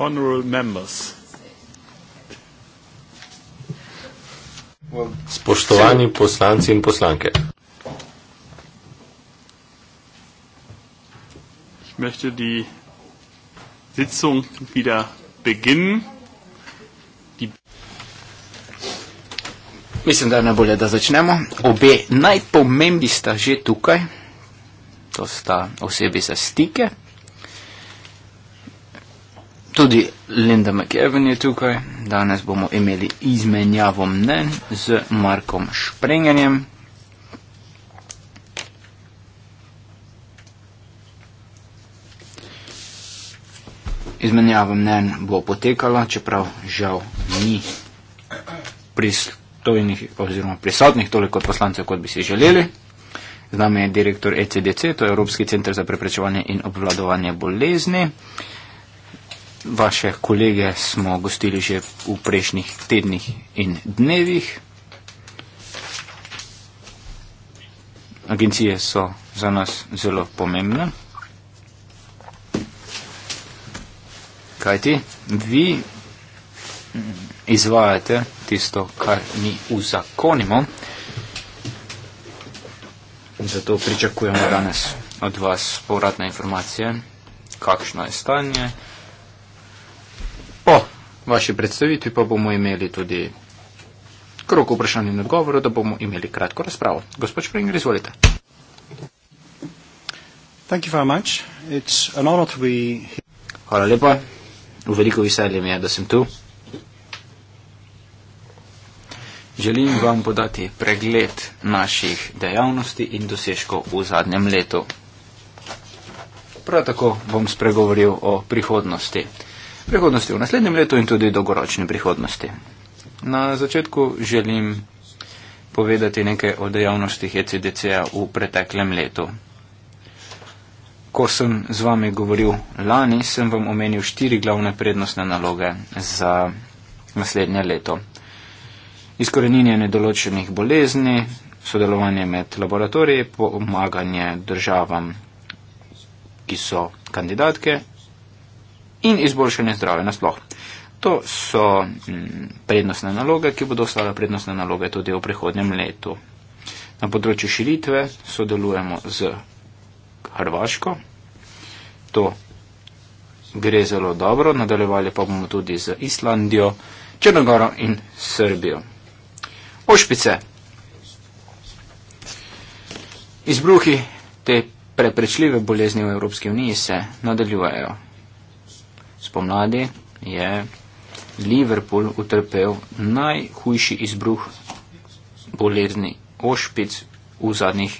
honourable members. Spoštovani poslanci in poslanke. Ich möchte die Sitzung wieder beginnen. Mislim, da je najbolje, da začnemo. Obe najpomembnejši sta že tukaj, to sta osebi za stike, Tudi Linda McEwen je tukaj. Danes bomo imeli izmenjavo mnen z Markom Springenjem. Izmenjava mnen bo potekala, čeprav žal ni pristojnih oziroma prisotnih toliko poslancev, kot bi si želeli. Z nami je direktor ECDC, to je Evropski center za preprečevanje in obvladovanje bolezni. Uh, vaše kolege smo gostili že v prejšnjih tednih in dnevih. Agencije so za nas zelo pomembne. Kaj ti? Vi izvajate tisto, kar mi uzakonimo. Zato pričakujemo danes od vas povratne informacije, kakšno je stanje vaši predstavitvi pa bomo imeli tudi krok vprašanj in odgovorov, da bomo imeli kratko razpravo. Gospod Springer, izvolite. Hvala lepa. V veliko veselje mi je, da sem tu. Želim vam podati pregled naših dejavnosti in dosežkov v zadnjem letu. Prav tako bom spregovoril o prihodnosti prihodnosti v naslednjem letu in tudi dolgoročni prihodnosti. Na začetku želim povedati nekaj o dejavnostih ECDC-ja v preteklem letu. Ko sem z vami govoril lani, sem vam omenil štiri glavne prednostne naloge za naslednje leto. Izkoreninjenje določenih bolezni, sodelovanje med laboratoriji, pomaganje državam, ki so kandidatke in izboljšanje zdravja nasploh. To so mm, prednostne naloge, ki bodo ostale prednostne naloge tudi v prihodnjem letu. Na področju širitve sodelujemo z Hrvaško. To gre zelo dobro, nadaljevali pa bomo tudi z Islandijo, Črnogoro in Srbijo. Ošpice. Izbruhi te preprečljive bolezni v Evropski uniji se nadaljujejo spomladi je Liverpool utrpel najhujši izbruh bolezni ošpic v zadnjih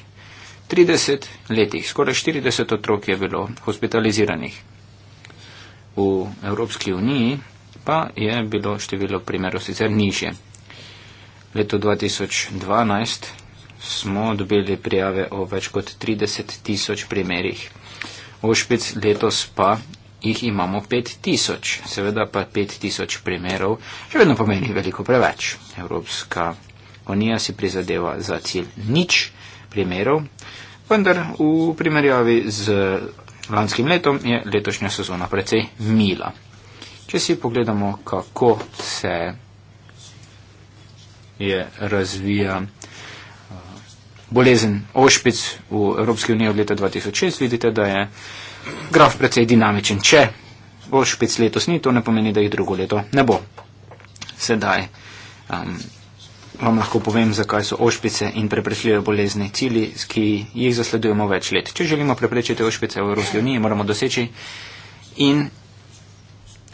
30 letih. Skoraj 40 otrok je bilo hospitaliziranih. V Evropski uniji pa je bilo število primerov sicer nižje. Leto 2012 smo dobili prijave o več kot 30 tisoč primerih. Ošpic letos pa jih imamo 5000, seveda pa 5000 primerov, še vedno pomeni veliko preveč. Evropska unija si prizadeva za cilj nič primerov, vendar v primerjavi z lanskim letom je letošnja sezona precej mila. Če si pogledamo, kako se je razvija eh, bolezen ošpic v Evropski uniji od leta 2006, vidite, da je graf precej dinamičen. Če bo špic letos ni, to ne pomeni, da jih drugo leto ne bo. Sedaj um, vam lahko povem, zakaj so ošpice in preprečljive bolezni cilji, ki jih zasledujemo več let. Če želimo preprečiti ošpice v Evropski uniji, moramo doseči in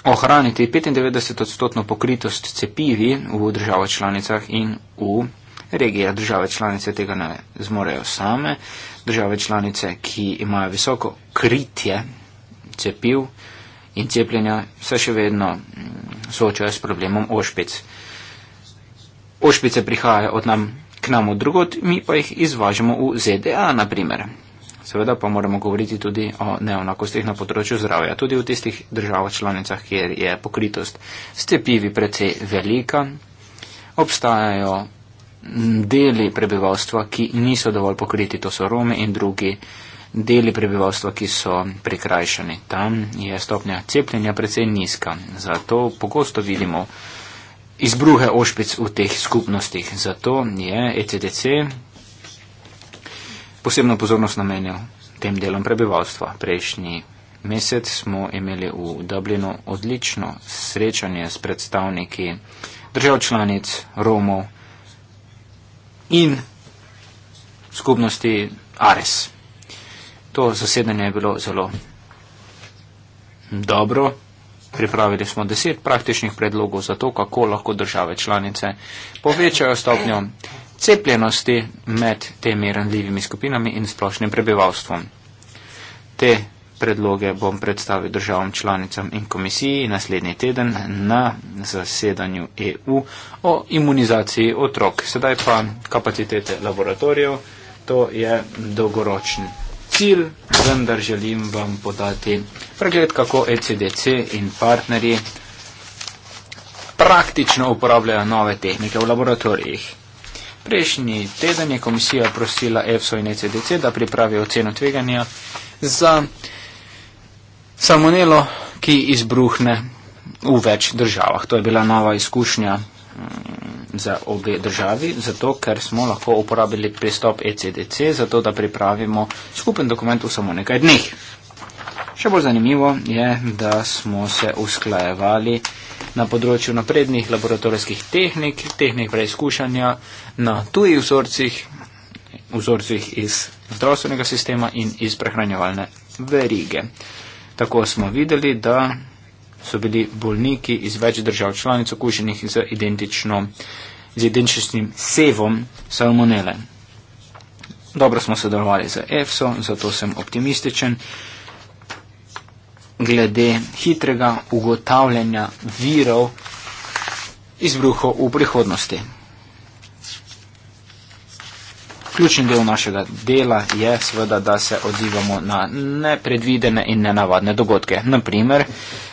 ohraniti 95-odstotno pokritost cepivi v državah članicah in v regija, države članice tega ne zmorejo same, države članice, ki imajo visoko kritje cepiv in cepljenja, se še vedno mm, soočajo s problemom ošpic. Ošpice prihajajo od nam k nam od drugot, mi pa jih izvažamo v ZDA, naprimer. Seveda pa moramo govoriti tudi o neenakostih na področju zdravja, tudi v tistih državah članicah, kjer je pokritost s cepivi precej velika. Obstajajo deli prebivalstva, ki niso dovolj pokriti, to so Romi in drugi deli prebivalstva, ki so prikrajšani. Tam je stopnja cepljenja precej nizka. Zato pogosto vidimo izbruhe ošpic v teh skupnostih. Zato je ECDC posebno pozornost namenil tem delom prebivalstva. Prejšnji mesec smo imeli v Dublinu odlično srečanje s predstavniki držav članic Romov in skupnosti Ares. To zasedanje je bilo zelo dobro. Pripravili smo deset praktičnih predlogov za to, kako lahko države članice povečajo stopnjo cepljenosti med temi randljivimi skupinami in splošnim prebivalstvom. Te predloge bom predstavil državam članicam in komisiji naslednji teden na zasedanju EU o imunizaciji otrok. Sedaj pa kapacitete laboratorijev, to je dolgoročen cilj, vendar želim vam podati pregled, kako ECDC in partnerji praktično uporabljajo nove tehnike v laboratorijih. Prejšnji teden je komisija prosila EFSO in ECDC, da pripravijo oceno tveganja za salmonelo, ki izbruhne v več državah. To je bila nova izkušnja mm, za obe državi, zato ker smo lahko uporabili pristop ECDC, zato da pripravimo skupen dokument v samo nekaj dneh. Še bolj zanimivo je, da smo se usklajevali na področju naprednih laboratorijskih tehnik, tehnik preizkušanja na tujih vzorcih, vzorcih iz zdravstvenega sistema in iz prehranjevalne verige. Tako smo videli, da so bili bolniki iz več držav članic okuženih z, identično, z identičnim sevom salmonele. Dobro smo sodelovali z EFSO, zato sem optimističen glede hitrega ugotavljanja virov izbruhov v prihodnosti. Ključen del našega dela je seveda, da se odzivamo na nepredvidene in nenavadne dogodke. Naprimer,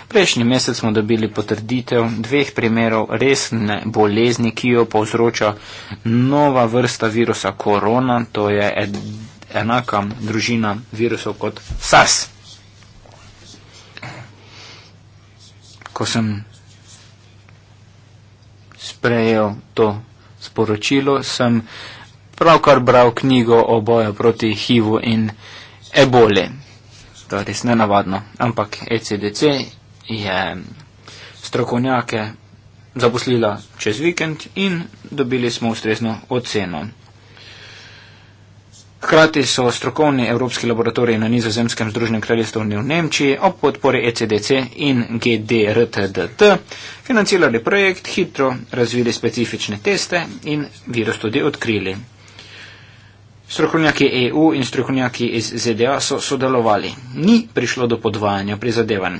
prejšnji mesec smo dobili potrditev dveh primerov resne bolezni, ki jo povzroča nova vrsta virusa korona, to je ed, enaka družina virusov kot SARS. Ko sem sprejel to sporočilo, sem pravkar bral knjigo o boju proti HIV-u in eboli. To je res nenavadno, ampak ECDC je strokovnjake zaposlila čez vikend in dobili smo ustrezno oceno. Hkrati so strokovni evropski laboratoriji na nizozemskem združenem kraljestvu in v Nemčiji ob podpori ECDC in GDRTDT financirali projekt, hitro razvili specifične teste in virus tudi odkrili. Strokovnjaki EU in strokovnjaki iz ZDA so sodelovali. Ni prišlo do podvajanja prizadevanj.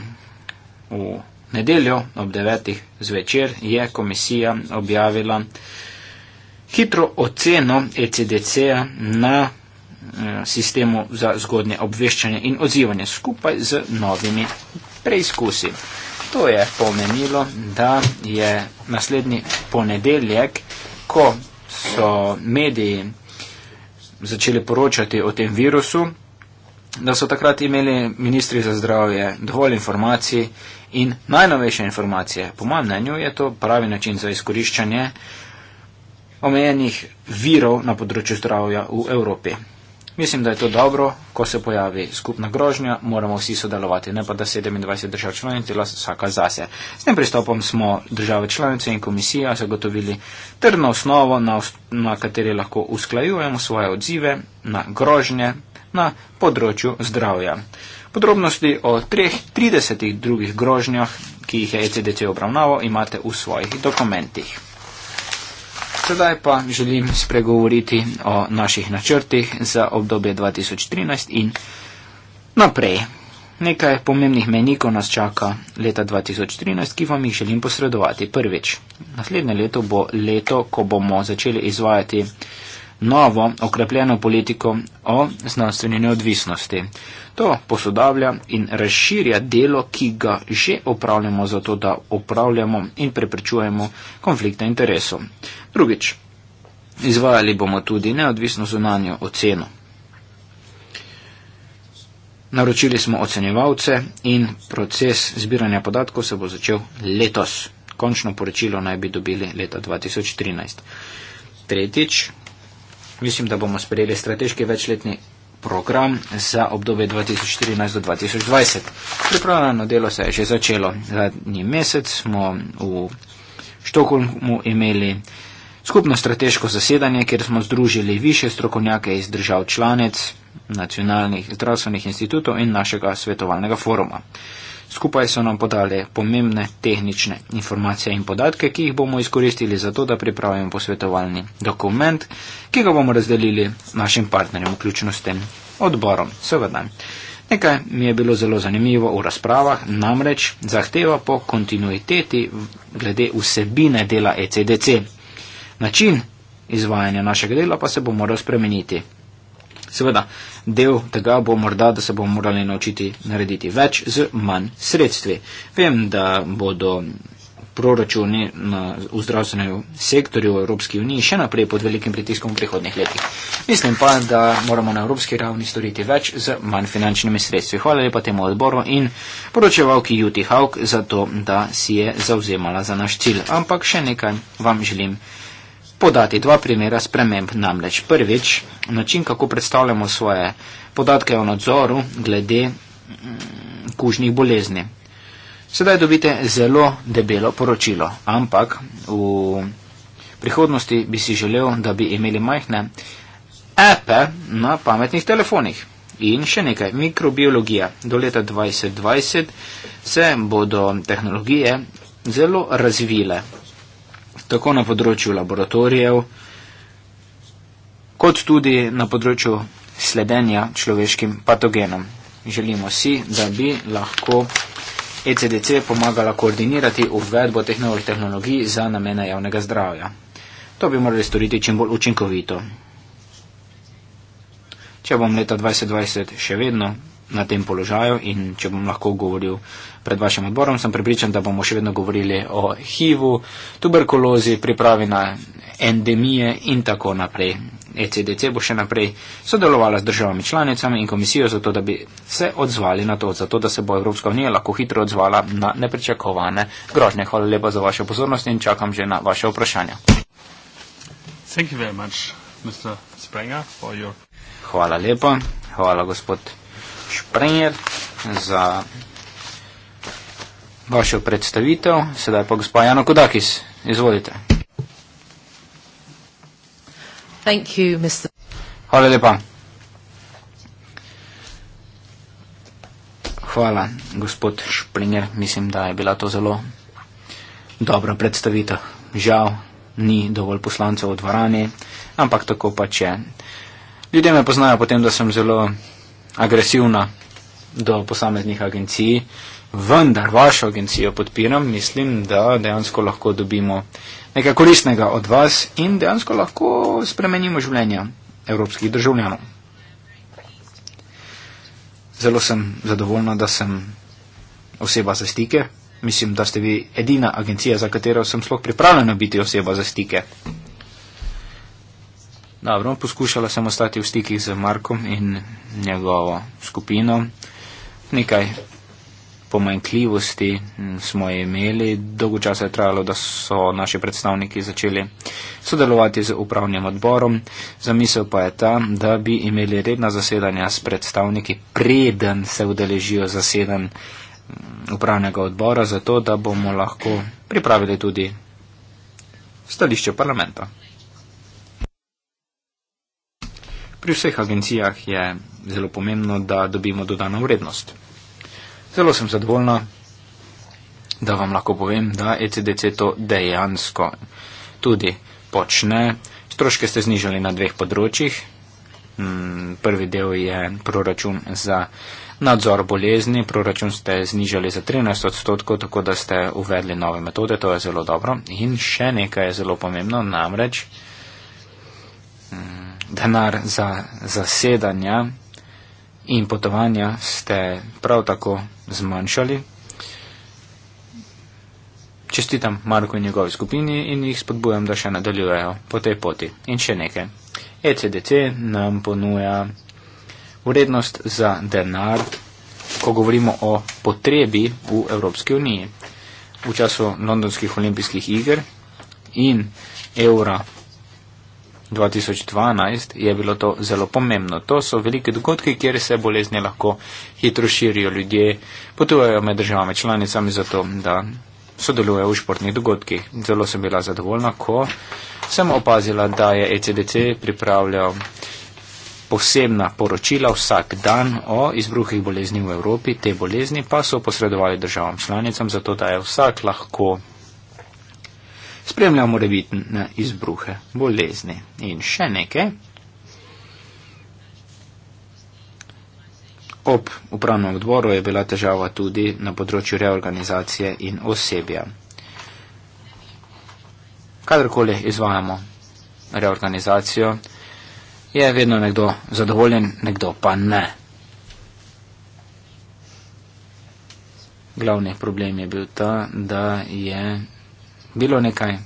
V nedeljo ob 9. zvečer je komisija objavila hitro oceno ECDC-a na eh, sistemu za zgodnje obveščanje in odzivanje skupaj z novimi preizkusi. To je pomenilo, da je naslednji ponedeljek, ko so mediji začeli poročati o tem virusu, da so takrat imeli ministri za zdravje dovolj informacij in najnovejše informacije. Po mojem mnenju je to pravi način za izkoriščanje omejenih virov na področju zdravja v Evropi. Mislim, da je to dobro, ko se pojavi skupna grožnja, moramo vsi sodelovati, ne pa da 27 držav članic dela vsaka zase. S tem pristopom smo države članice in komisija zagotovili trdno osnovo, na, na kateri lahko usklajujemo svoje odzive na grožnje na področju zdravja. Podrobnosti o treh 30 drugih grožnjah, ki jih je ECDC obravnaval, imate v svojih dokumentih. Sedaj pa želim spregovoriti o naših načrtih za obdobje 2013 in naprej. Nekaj pomembnih menikov nas čaka leta 2013, ki vam jih želim posredovati. Prvič, naslednje leto bo leto, ko bomo začeli izvajati novo okrepljeno politiko o znanstveni neodvisnosti. To posodablja in razširja delo, ki ga že opravljamo za to, da opravljamo in preprečujemo konflikte interesov. Drugič, izvajali bomo tudi neodvisno zunanjo oceno. Naročili smo ocenjevalce in proces zbiranja podatkov se bo začel letos. Končno poročilo naj bi dobili leta 2013. Tretjič, mislim, da bomo sprejeli strateški večletni program za obdobje 2014 do 2020. Pripravljeno delo se je že začelo. Zadnji mesec smo v Štokholmu imeli skupno strateško zasedanje, kjer smo združili više strokovnjake iz držav članic, nacionalnih zdravstvenih institutov in našega svetovalnega foruma. Skupaj so nam podali pomembne tehnične informacije in podatke, ki jih bomo izkoristili za to, da pripravimo posvetovalni dokument, ki ga bomo razdelili našim partnerjem, vključno s tem odborom. Seveda. Nekaj mi je bilo zelo zanimivo v razpravah, namreč zahteva po kontinuiteti glede vsebine dela ECDC. Način izvajanja našega dela pa se bo moral spremeniti. Seveda, del tega bo morda, da se bomo morali naučiti narediti več z manj sredstvi. Vem, da bodo proračuni v zdravstvenem sektorju v Evropski uniji še naprej pod velikim pritiskom v prihodnih letih. Mislim pa, da moramo na evropski ravni storiti več z manj finančnimi sredstvi. Hvala lepa temu odboru in poročevalki Juti Hauk za to, da si je zauzemala za naš cilj. Ampak še nekaj vam želim podati dva primera sprememb. Namreč prvič, način, kako predstavljamo svoje podatke o nadzoru glede mm, kužnih bolezni. Sedaj dobite zelo debelo poročilo, ampak v prihodnosti bi si želel, da bi imeli majhne epe na pametnih telefonih. In še nekaj, mikrobiologija. Do leta 2020 se bodo tehnologije zelo razvile tako na področju laboratorijev, kot tudi na področju sledenja človeškim patogenom. Želimo si, da bi lahko ECDC pomagala koordinirati uvedbo teh novih tehnologij za namene javnega zdravja. To bi morali storiti čim bolj učinkovito. Če bom leta 2020 še vedno na tem položaju in če bom lahko govoril pred vašim odborom, sem pripričan, da bomo še vedno govorili o HIV-u, tuberkulozi, pripravi na endemije in tako naprej. ECDC bo še naprej sodelovala z državami članicami in komisijo zato, da bi se odzvali na to, zato da se bo Evropska unija lahko hitro odzvala na nepričakovane grožnje. Hvala lepa za vašo pozornost in čakam že na vaše vprašanja. Much, Hvala lepa. Hvala gospod. Šprenjer za vašo predstavitev. Sedaj pa gospod Jano Kodakis. Izvolite. Thank you, Mr. Hvala lepa. Hvala, gospod Šprenjer. Mislim, da je bila to zelo dobra predstavitev. Žal, ni dovolj poslancev v dvorani, ampak tako pa če. Ljudje me poznajo potem, da sem zelo agresivna do posameznih agencij, vendar vašo agencijo podpiram, mislim, da dejansko lahko dobimo nekaj koristnega od vas in dejansko lahko spremenimo življenja evropskih državljanov. Zelo sem zadovoljna, da sem oseba za stike. Mislim, da ste vi edina agencija, za katero sem sploh pripravljena biti oseba za stike. Dobro, poskušala sem ostati v stikih z Markom in njegovo skupino. Nekaj pomanjkljivosti smo imeli, dolgo časa je trajalo, da so naši predstavniki začeli sodelovati z upravnim odborom. Zamisel pa je ta, da bi imeli redna zasedanja s predstavniki, preden se udeležijo zasedan mm, upravnega odbora, zato da bomo lahko pripravili tudi stališče parlamenta. Pri vseh agencijah je zelo pomembno, da dobimo dodano vrednost. Zelo sem zadovoljna, da vam lahko povem, da ECDC to dejansko tudi počne. Stroške ste znižali na dveh področjih. Mm, prvi del je proračun za nadzor bolezni, proračun ste znižali za 13 odstotkov, tako da ste uvedli nove metode, to je zelo dobro. In še nekaj je zelo pomembno, namreč. Mm, denar za zasedanja in potovanja ste prav tako zmanjšali. Čestitam Marku in njegovi skupini in jih spodbujam, da še nadaljujejo po tej poti. In še nekaj. ECDC nam ponuja vrednost za denar, ko govorimo o potrebi v Evropski uniji. V času londonskih olimpijskih iger in evra 2012 je bilo to zelo pomembno. To so velike dogodke, kjer se bolezni lahko hitro širijo. Ljudje potujejo med državami članicami zato, da sodelujejo v športnih dogodkih. Zelo sem bila zadovoljna, ko sem opazila, da je ECDC pripravljal posebna poročila vsak dan o izbruhih bolezni v Evropi. Te bolezni pa so posredovali državam članicam, zato da je vsak lahko spremljal morebitne izbruhe bolezni. In še nekaj. Ob upravnem odboru je bila težava tudi na področju reorganizacije in osebja. Kadarkoli izvajamo reorganizacijo, je vedno nekdo zadovoljen, nekdo pa ne. Glavni problem je bil ta, da je bilo nekaj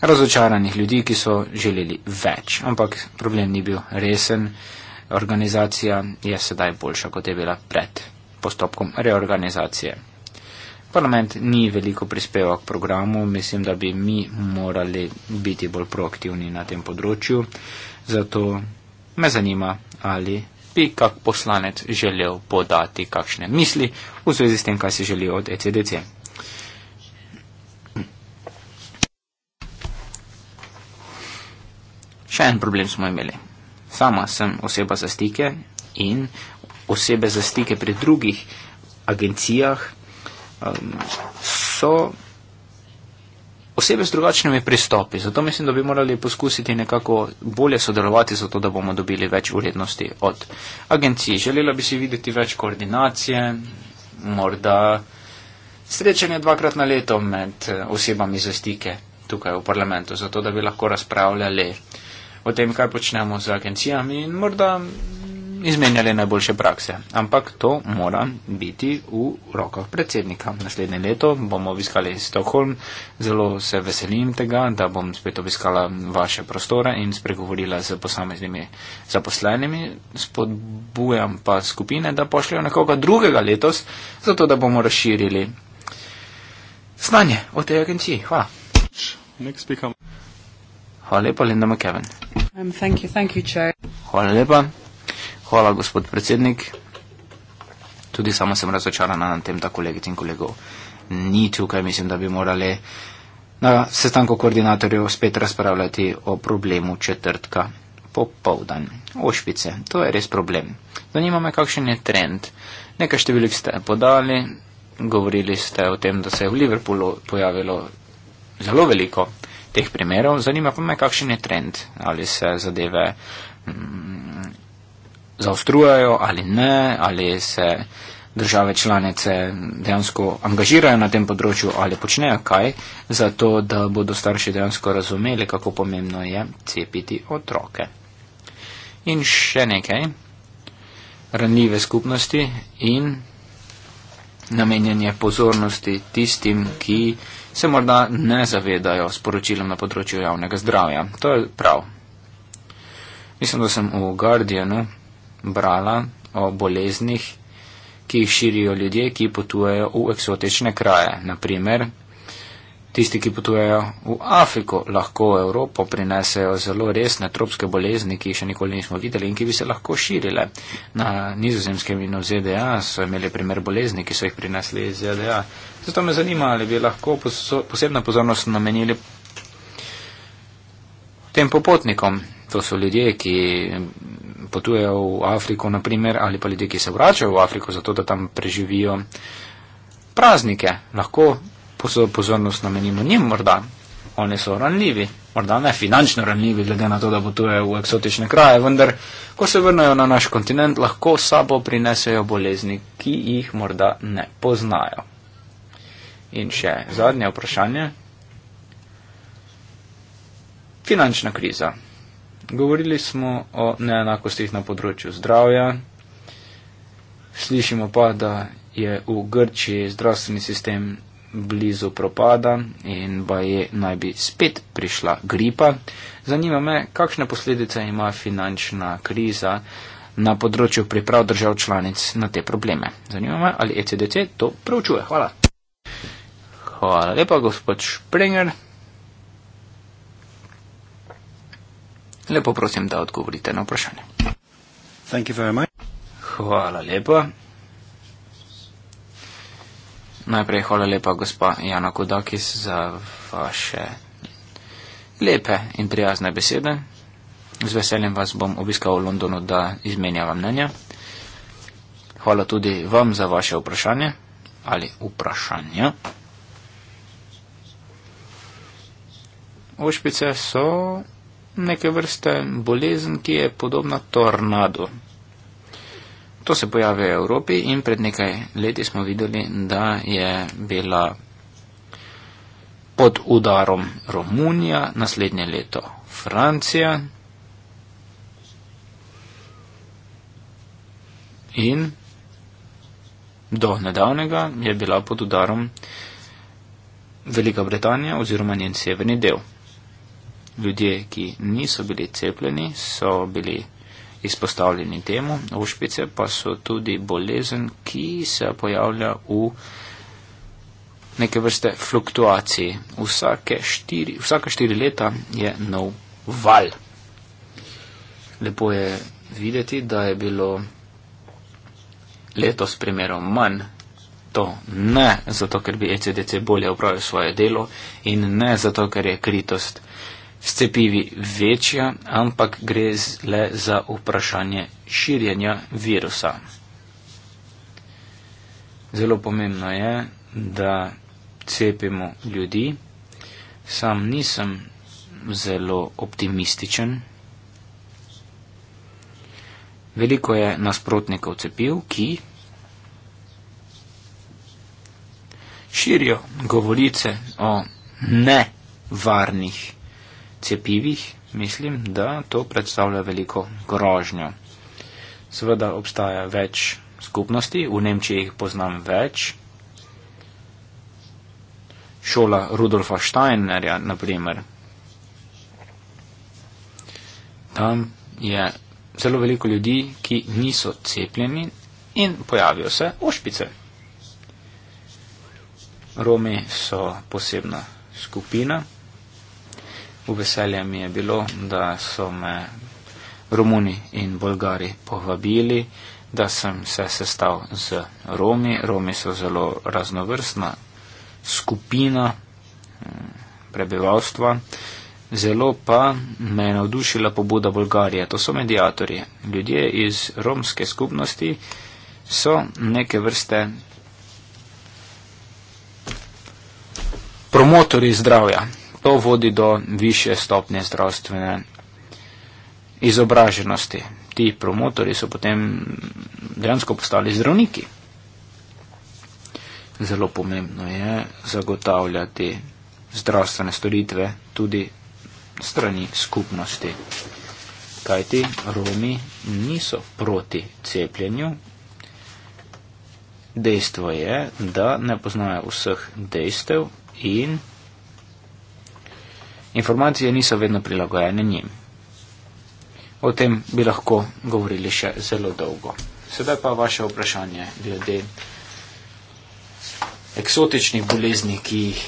razočaranih ljudi, ki so želeli več, ampak problem ni bil resen. Organizacija je sedaj boljša, kot je bila pred postopkom reorganizacije. Parlament ni veliko prispeval k programu, mislim, da bi mi morali biti bolj proaktivni na tem področju, zato me zanima, ali bi kak poslanec želel podati kakšne misli v zvezi s tem, kaj si želi od ECDC. še en problem smo imeli. Sama sem oseba za stike in osebe za stike pri drugih agencijah um, so osebe z drugačnimi pristopi. Zato mislim, da bi morali poskusiti nekako bolje sodelovati, zato da bomo dobili več urednosti od agencij. Želela bi si videti več koordinacije, morda srečanje dvakrat na leto med eh, osebami za stike tukaj v parlamentu, zato da bi lahko razpravljali o tem, kaj počnemo z agencijami in morda izmenjali najboljše prakse. Ampak to mora biti v rokah predsednika. Naslednje leto bomo obiskali Stockholm. Zelo se veselim tega, da bom spet obiskala vaše prostore in spregovorila z posameznimi zaposlenimi. Spodbujam pa skupine, da pošljajo nekoga drugega letos, zato da bomo razširili znanje o tej agenciji. Hvala. Hvala lepa, Linda McKevin. Um, thank you, thank you, Hvala lepa. Hvala, gospod predsednik. Tudi sama sem razočarana na tem, da kolegic in kolegov ni tukaj. Mislim, da bi morali na sestanku koordinatorjev spet razpravljati o problemu četrtka popovdan. Ošpice, to je res problem. Zanima me, kakšen je trend. Nekaj številk ste podali, govorili ste o tem, da se je v Liverpoolu pojavilo zelo veliko teh primerov. Zanima pa me, kakšen je trend, ali se zadeve mm, zaostrujajo ali ne, ali se države članice dejansko angažirajo na tem področju ali počnejo kaj, zato da bodo starši dejansko razumeli, kako pomembno je cepiti otroke. In še nekaj, ranljive skupnosti in namenjanje pozornosti tistim, ki se morda ne zavedajo sporočilom na področju javnega zdravja. To je prav. Mislim, da sem v Guardianu brala o boleznih, ki jih širijo ljudje, ki potujejo v eksotične kraje, naprimer Tisti, ki potujejo v Afriko, lahko v Evropo prinesejo zelo resne tropske bolezni, ki jih še nikoli nismo videli in ki bi se lahko širile. Na nizozemskem in v ZDA so imeli primer bolezni, ki so jih prinesli iz ZDA. Zato me zanima, ali bi lahko posebno pozornost namenili tem popotnikom. To so ljudje, ki potujejo v Afriko, naprimer, ali pa ljudje, ki se vračajo v Afriko, zato da tam preživijo praznike. Lahko pozornost namenimo njim, morda oni so ranljivi, morda ne finančno ranljivi, glede na to, da potujejo v eksotične kraje, vendar, ko se vrnejo na naš kontinent, lahko sabo prinesejo bolezni, ki jih morda ne poznajo. In še zadnje vprašanje. Finančna kriza. Govorili smo o neenakostih na področju zdravja. Slišimo pa, da je v Grčiji zdravstveni sistem blizu propada in pa je naj bi spet prišla gripa. Zanima me, kakšne posledice ima finančna kriza na področju priprav držav članic na te probleme. Zanima me, ali ECDC to preučuje. Hvala. Hvala lepa, gospod Springer. Lepo prosim, da odgovorite na vprašanje. Hvala lepa. Najprej hvala lepa gospa Jana Kudakis za vaše lepe in prijazne besede. Z veseljem vas bom obiskal v Londonu, da izmenjava mnenja. Hvala tudi vam za vaše vprašanje ali vprašanja. Ošpice so neke vrste bolezen, ki je podobna tornadu. To se pojavi v Evropi in pred nekaj leti smo videli, da je bila pod udarom Romunija, naslednje leto Francija in do nedavnega je bila pod udarom Velika Britanija oziroma njen severni del. Ljudje, ki niso bili cepljeni, so bili izpostavljeni temu. Ošpice pa so tudi bolezen, ki se pojavlja v neke vrste fluktuaciji. Vsake štiri, vsaka štiri leta je nov val. Lepo je videti, da je bilo letos primerov manj. To ne zato, ker bi ECDC bolje upravil svoje delo in ne zato, ker je kritost s cepivi večja, ampak gre le za vprašanje širjenja virusa. Zelo pomembno je, da cepimo ljudi. Sam nisem zelo optimističen. Veliko je nasprotnikov cepiv, ki širijo govorice o nevarnih virusih cepivih, mislim, da to predstavlja veliko grožnjo. Seveda obstaja več skupnosti, v Nemčiji jih poznam več. Šola Rudolfa Steinerja, naprimer. Tam je zelo veliko ljudi, ki niso cepljeni in pojavijo se ošpice. Romi so posebna skupina. V veselje mi je bilo, da so me Romuni in Bolgari povabili, da sem se sestal z Romi. Romi so zelo raznovrstna skupina mm, prebivalstva. Zelo pa me je navdušila pobuda Bolgarije. To so medijatorji. Ljudje iz romske skupnosti so neke vrste promotori zdravja. To vodi do više stopnje zdravstvene izobraženosti. Ti promotori so potem dejansko postali zdravniki. Zelo pomembno je zagotavljati zdravstvene storitve tudi strani skupnosti. Kajti Romi niso proti cepljenju. Dejstvo je, da ne poznajo vseh dejstev in informacije niso vedno prilagojene njim. O tem bi lahko govorili še zelo dolgo. Sedaj pa vaše vprašanje glede eksotičnih bolezni, ki jih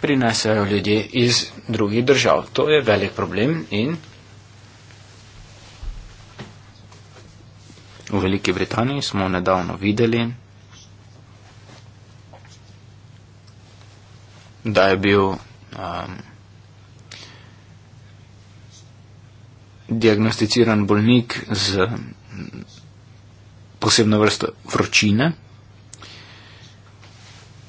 prinesajo ljudje iz drugih držav. To je velik problem in v Veliki Britaniji smo nedavno videli, da je bil um, diagnosticiran bolnik z posebno vrsto vročine.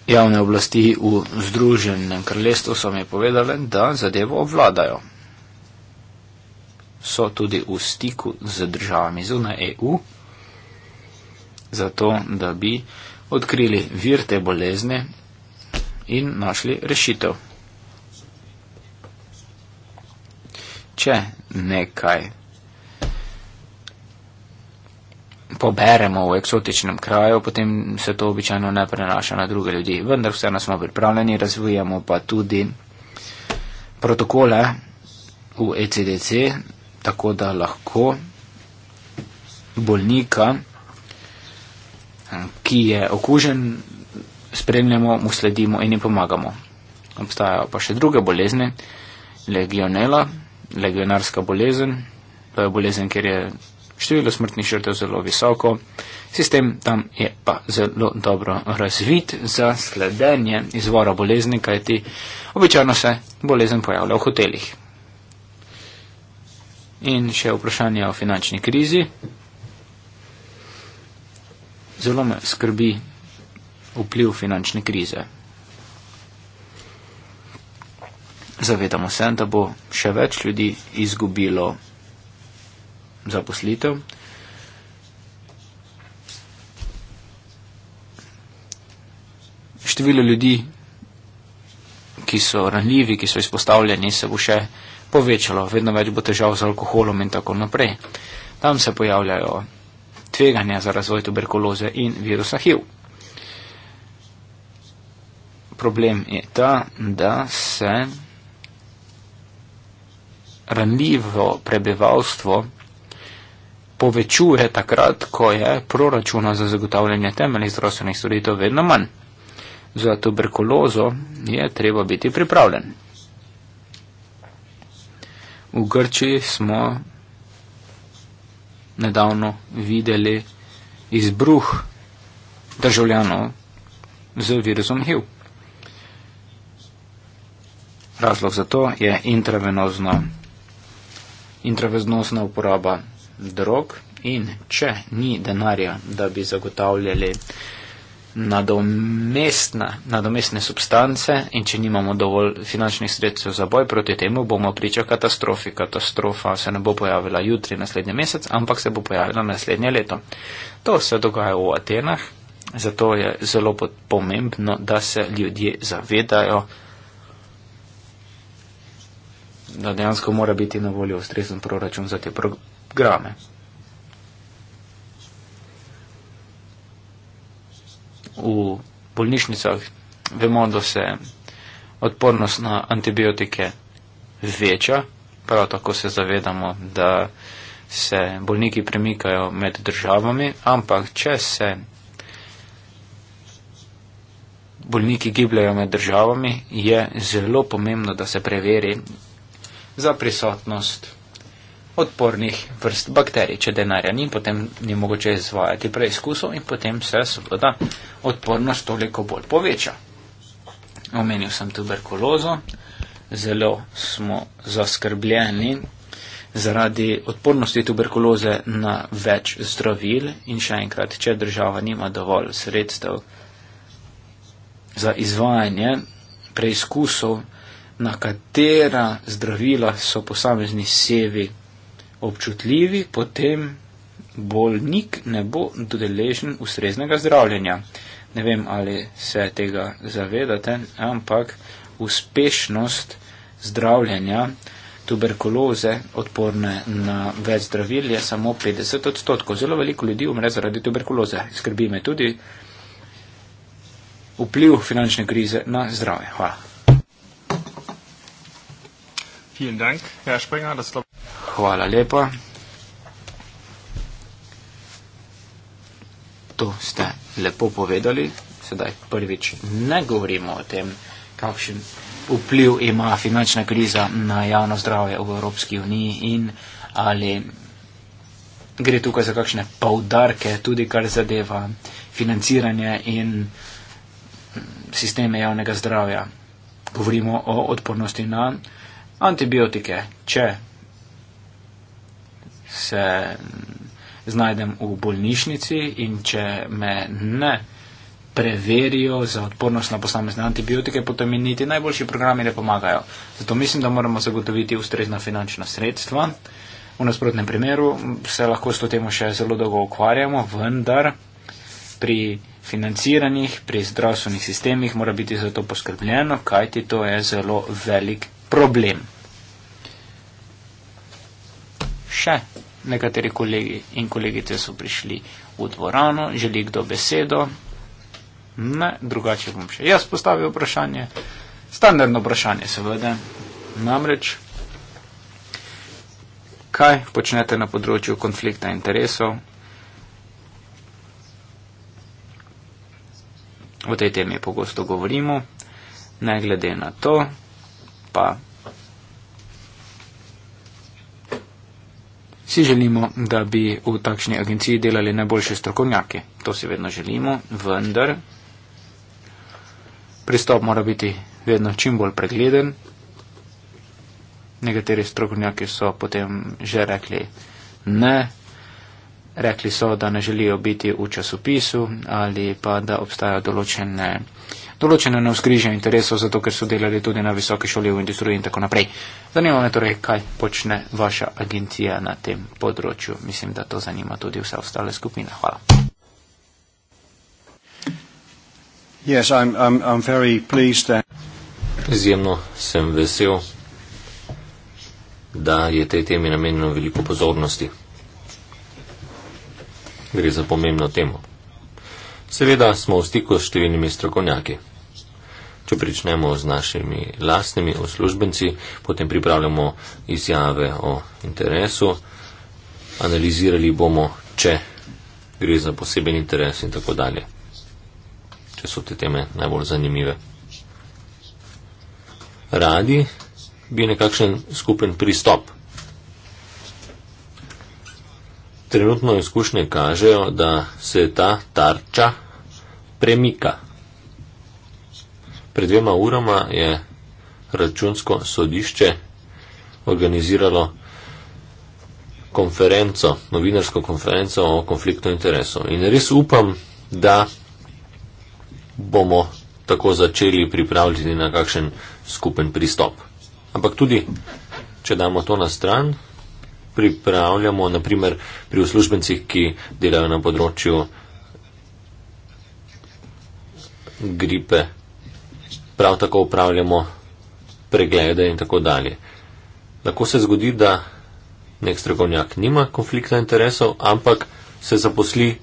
Javne oblasti v Združenem kraljestvu so mi povedali, da zadevo obvladajo. So tudi v stiku z državami zunaj EU, zato da bi odkrili vir te bolezni in našli rešitev. Če nekaj poberemo v eksotičnem kraju, potem se to običajno ne prenaša na druge ljudi. Vendar vseeno smo pripravljeni, razvijamo pa tudi protokole v ECDC, tako da lahko bolnika, ki je okužen, spremljamo, mu sledimo in jim pomagamo. Obstajajo pa še druge bolezni, legionela, legionarska bolezen. To je bolezen, kjer je število smrtnih žrtev zelo visoko. Sistem tam je pa zelo dobro razvit za sledenje izvora bolezni, kajti običajno se bolezen pojavlja v hotelih. In še vprašanje o finančni krizi. Zelo me skrbi vpliv finančne krize. Zavedamo se, da bo še več ljudi izgubilo zaposlitev. Število ljudi, ki so ranljivi, ki so izpostavljeni, se bo še povečalo. Vedno več bo težav z alkoholom in tako naprej. Tam se pojavljajo tveganja za razvoj tuberkuloze in virusa HIV. Problem je ta, da se ranljivo prebivalstvo povečuje takrat, ko je proračuna za zagotavljanje temeljnih zdravstvenih storitev vedno manj. Za tuberkulozo je treba biti pripravljen. V Grčiji smo nedavno videli izbruh državljanov z virusom HIV. Razlog za to je intravenozno intraveznosna uporaba drog in če ni denarja, da bi zagotavljali nadomestne substance in če nimamo dovolj finančnih sredstev za boj proti temu, bomo priča katastrofi. Katastrofa se ne bo pojavila jutri, naslednji mesec, ampak se bo pojavila naslednje leto. To se dogaja v Atenah, zato je zelo pomembno, da se ljudje zavedajo, da dejansko mora biti na voljo ustrezen proračun za te programe. V bolnišnicah vemo, da se odpornost na antibiotike veča, prav tako se zavedamo, da se bolniki premikajo med državami, ampak če se bolniki gibljajo med državami, je zelo pomembno, da se preveri za prisotnost odpornih vrst bakterij. Če denarja ni, potem ni mogoče izvajati preizkusov in potem se seveda odpornost toliko bolj poveča. Omenil sem tuberkulozo. Zelo smo zaskrbljeni zaradi odpornosti tuberkuloze na več zdravil in še enkrat, če država nima dovolj sredstev za izvajanje preizkusov na katera zdravila so posamezni sevi občutljivi, potem bolnik ne bo dodeležen ustreznega zdravljenja. Ne vem, ali se tega zavedate, ampak uspešnost zdravljenja tuberkuloze odporne na več zdravil je samo 50 odstotkov. Zelo veliko ljudi umre zaradi tuberkuloze. Skrbi me tudi vpliv finančne krize na zdravje. Hvala. Vielen Dank, Herr Springer. Das glaub... Hvala lepa. To ste lepo povedali. Sedaj prvič ne govorimo o tem, kakšen vpliv ima finančna kriza na javno zdravje v Evropski uniji in ali gre tukaj za kakšne povdarke, tudi kar zadeva financiranje in sisteme javnega zdravja. Govorimo o odpornosti na antibiotike, če se znajdem v bolnišnici in če me ne preverijo za odpornost na posamezne antibiotike, potem mi niti najboljši programi ne pomagajo. Zato mislim, da moramo zagotoviti ustrezna finančna sredstva. V nasprotnem primeru se lahko s to temo še zelo dolgo ukvarjamo, vendar pri financiranjih, pri zdravstvenih sistemih mora biti za to poskrbljeno, kajti to je zelo velik problem še nekateri kolegi in kolegice so prišli v dvorano, želi kdo besedo. Ne, drugače bom še jaz postavil vprašanje. Standardno vprašanje seveda. Namreč, kaj počnete na področju konflikta interesov o tej temi pogosto govorimo, ne glede na to, pa Vsi želimo, da bi v takšni agenciji delali najboljše strokovnjake. To si vedno želimo, vendar pristop mora biti vedno čim bolj pregleden. Nekateri strokovnjaki so potem že rekli ne, rekli so, da ne želijo biti v časopisu ali pa da obstajajo določene določene navzgrižje interesov, zato ker so delali tudi na visoki šoli v industriji in tako naprej. Zanima me torej, kaj počne vaša agencija na tem področju. Mislim, da to zanima tudi vse ostale skupine. Hvala. Yes, I'm, I'm, I'm very pleased that... Izjemno sem vesel, da je tej temi namenjeno veliko pozornosti. Gre za pomembno temo. Seveda smo v stiku s številnimi strokovnjaki. Če pričnemo z našimi lastnimi oslužbenci, potem pripravljamo izjave o interesu, analizirali bomo, če gre za poseben interes in tako dalje, če so te teme najbolj zanimive. Radi bi nekakšen skupen pristop. Trenutno izkušnje kažejo, da se ta tarča premika. Pred dvema urama je računsko sodišče organiziralo konferenco, novinarsko konferenco o konfliktu interesov. In res upam, da bomo tako začeli pripravljati na kakšen skupen pristop. Ampak tudi, če damo to na stran, pripravljamo naprimer pri uslužbencih, ki delajo na področju gripe prav tako upravljamo preglede in tako dalje. Lahko se zgodi, da nek strokovnjak nima konflikta interesov, ampak se zaposli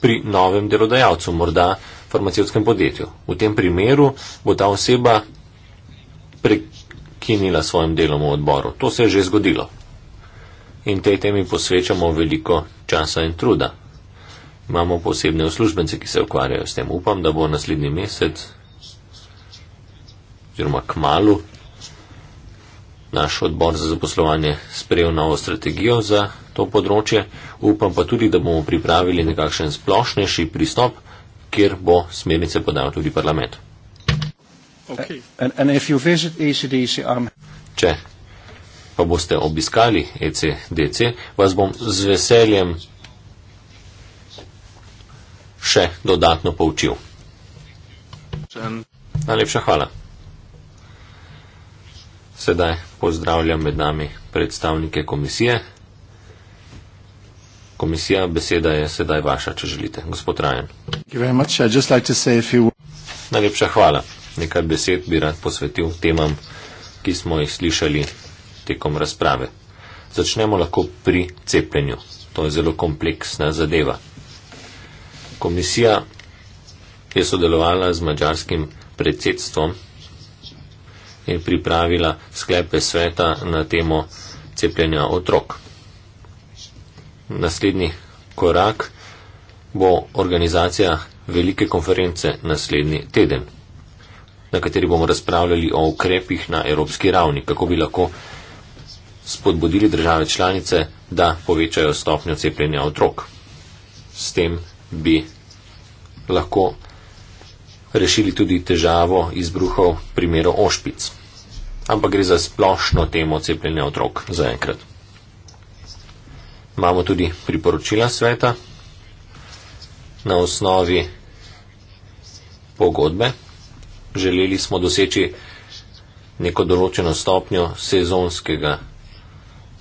pri novem delodajalcu, morda farmacevskem podjetju. V tem primeru bo ta oseba prekinila svojim delom v odboru. To se je že zgodilo. In tej temi posvečamo veliko časa in truda. Imamo posebne uslužbence, ki se ukvarjajo s tem. Upam, da bo naslednji mesec oziroma k malu naš odbor za zaposlovanje sprejel novo strategijo za to področje. Upam pa tudi, da bomo pripravili nekakšen splošnejši pristop, kjer bo smernice podal tudi parlament. Okay. ECDC, um... Če pa boste obiskali ECDC, vas bom z veseljem še dodatno poučil. Najlepša hvala. Sedaj pozdravljam med nami predstavnike komisije. Komisija, beseda je sedaj vaša, če želite. Gospod Rajan. Like few... Najlepša hvala. Nekaj besed bi rad posvetil temam, ki smo jih slišali tekom razprave. Začnemo lahko pri cepljenju. To je zelo kompleksna zadeva. Komisija je sodelovala z mađarskim predsedstvom je pripravila sklepe sveta na temo cepljenja otrok. Naslednji korak bo organizacija velike konference naslednji teden, na kateri bomo razpravljali o ukrepih na evropski ravni, kako bi lahko spodbudili države članice, da povečajo stopnjo cepljenja otrok. S tem bi lahko rešili tudi težavo izbruhov primerov ošpic ampak gre za splošno temo cepljenja otrok zaenkrat. Imamo tudi priporočila sveta na osnovi pogodbe. Želeli smo doseči neko določeno stopnjo sezonskega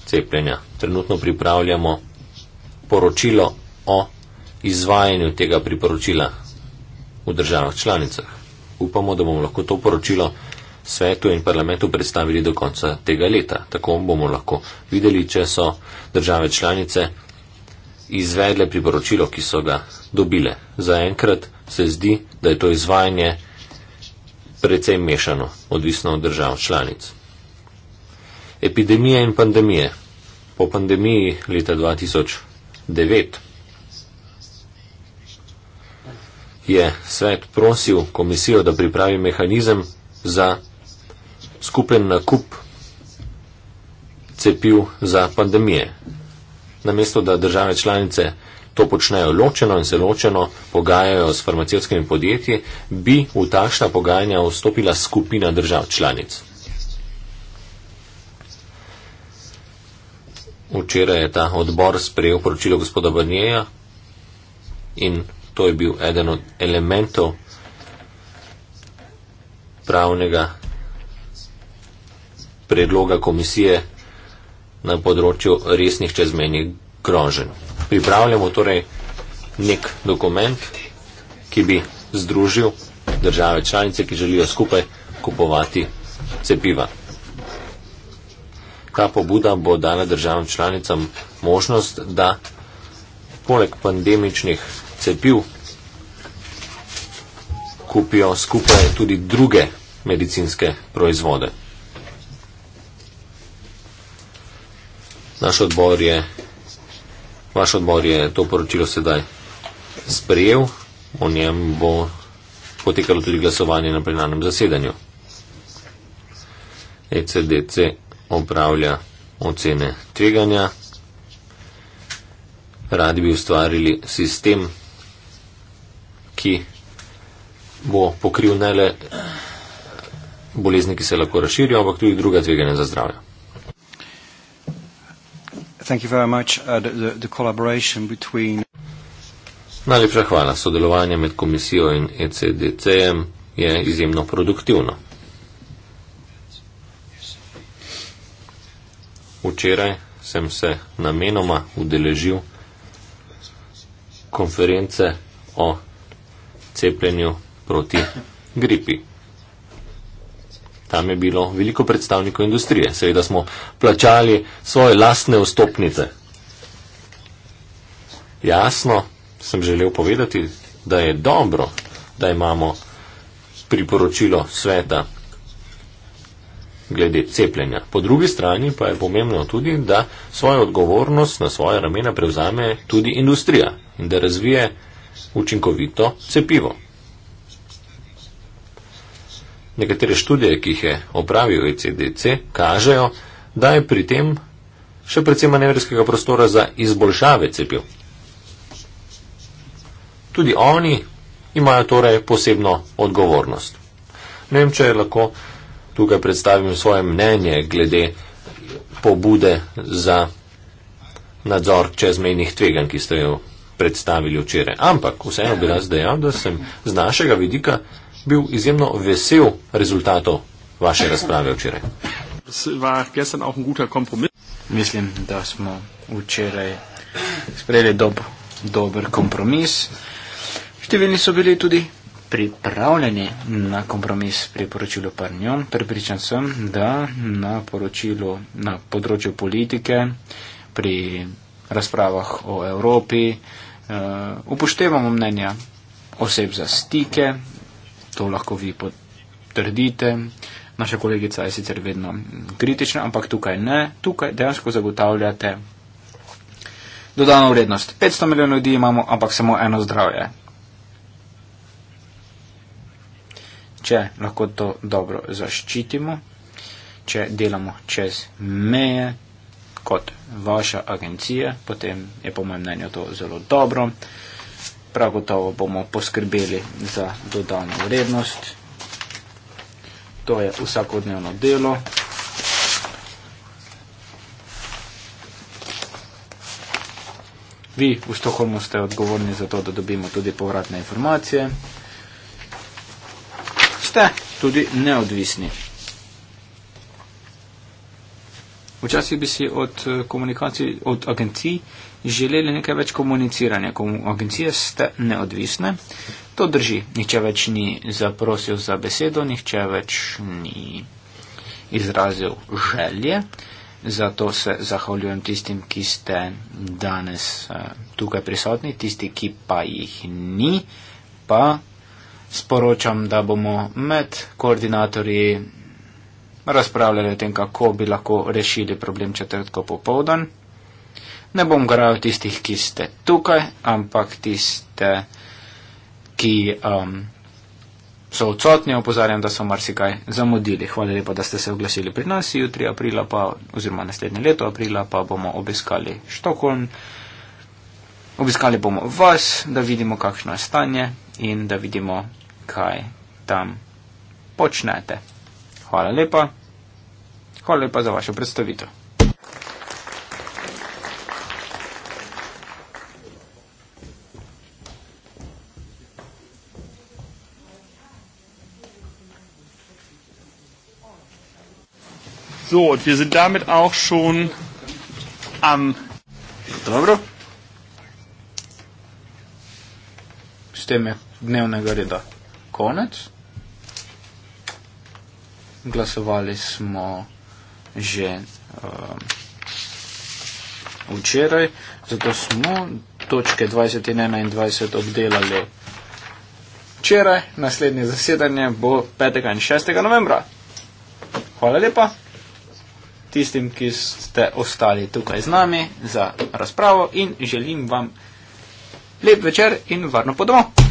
cepljenja. Trenutno pripravljamo poročilo o izvajanju tega priporočila v državah članicah. Upamo, da bomo lahko to poročilo svetu in parlamentu predstavili do konca tega leta. Tako bomo lahko videli, če so države članice izvedle priporočilo, ki so ga dobile. Zaenkrat se zdi, da je to izvajanje precej mešano, odvisno od držav članic. Epidemije in pandemije. Po pandemiji leta 2009 je svet prosil komisijo, da pripravi mehanizem za skupen nakup cepiv za pandemije. Namesto, da države članice to počnejo ločeno in se ločeno pogajajo s farmacijskimi podjetji, bi v takšna pogajanja vstopila skupina držav članic. Včeraj je ta odbor sprejel poročilo gospoda Brnjeja in to je bil eden od elementov pravnega predloga komisije na področju resnih čezmenjih groženj. Pripravljamo torej nek dokument, ki bi združil države članice, ki želijo skupaj kupovati cepiva. Ta pobuda bo dala državam članicam možnost, da poleg pandemičnih cepiv kupijo skupaj tudi druge medicinske proizvode. Naš odbor je, vaš odbor je to poročilo sedaj sprejel, o njem bo potekalo tudi glasovanje na plenarnem zasedanju. ECDC opravlja ocene tveganja. Radi bi ustvarili sistem, ki bo pokril ne le bolezni, ki se lahko razširijo, ampak tudi druga tveganja za zdravje thank you very much uh, the, the, the collaboration between Najlepša hvala. Sodelovanje med komisijo in ECDC-em je izjemno produktivno. Včeraj sem se namenoma udeležil konference o cepljenju proti gripi. Tam je bilo veliko predstavnikov industrije. Seveda smo plačali svoje lastne vstopnice. Jasno sem želel povedati, da je dobro, da imamo priporočilo sveta glede cepljenja. Po drugi strani pa je pomembno tudi, da svojo odgovornost na svoje ramena prevzame tudi industrija in da razvije učinkovito cepivo. Nekatere študije, ki jih je opravil ECDC, kažejo, da je pri tem še predvsem manevrskega prostora za izboljšave cepiv. Tudi oni imajo torej posebno odgovornost. Ne vem, če lahko tukaj predstavim svoje mnenje glede pobude za nadzor čezmejnih tvegan, ki ste jo predstavili včeraj. Ampak vseeno bi raz dejal, da sem z našega vidika bil izjemno vesel rezultatov vaše razprave včeraj. Mislim, da smo včeraj sprejeli dob, dober kompromis. Številni so bili tudi pripravljeni na kompromis pri poročilu Parnjon. Pripričan sem, da na poročilu na področju politike, pri razpravah o Evropi, eh, upoštevamo mnenja oseb za stike to lahko vi potrdite. Naša kolegica je sicer vedno kritična, ampak tukaj ne. Tukaj dejansko zagotavljate dodano vrednost. 500 milijonov ljudi imamo, ampak samo eno zdravje. Če lahko to dobro zaščitimo, če delamo čez meje kot vaša agencija, potem je po mojem mnenju to zelo dobro prav gotovo bomo poskrbeli za dodano vrednost. To je vsakodnevno delo. Vi v Stokholmu ste odgovorni za to, da dobimo tudi povratne informacije. Ste tudi neodvisni. Včasih bi si od eh, komunikacij, od agencij želeli nekaj več komuniciranja. Agencije ste neodvisne, to drži. Nihče več ni zaprosil za besedo, nihče več ni izrazil želje. Zato se zahvaljujem tistim, ki ste danes eh, tukaj prisotni, tisti, ki pa jih ni, pa sporočam, da bomo med koordinatorji razpravljali o tem, kako bi lahko rešili problem četrtko popovdan. Ne bom grajal tistih, ki ste tukaj, ampak tiste, ki um, so odsotni, opozarjam, da so marsikaj zamudili. Hvala lepa, da ste se oglasili pri nas. Jutri aprila pa, oziroma naslednje leto aprila pa bomo obiskali Štokholm. Obiskali bomo vas, da vidimo, kakšno je stanje in da vidimo, kaj tam počnete. Hvala lepa. Hvala lepa za vašo predstavitev. So, und wir sind damit auch schon am. Dobro. Stimme, dnevnega reda. Konec. Glasovali smo že uh, včeraj, zato smo točke 20 in 21 obdelali včeraj, naslednje zasedanje bo 5. in 6. novembra. Hvala lepa tistim, ki ste ostali tukaj z nami za razpravo in želim vam lep večer in varno podvo.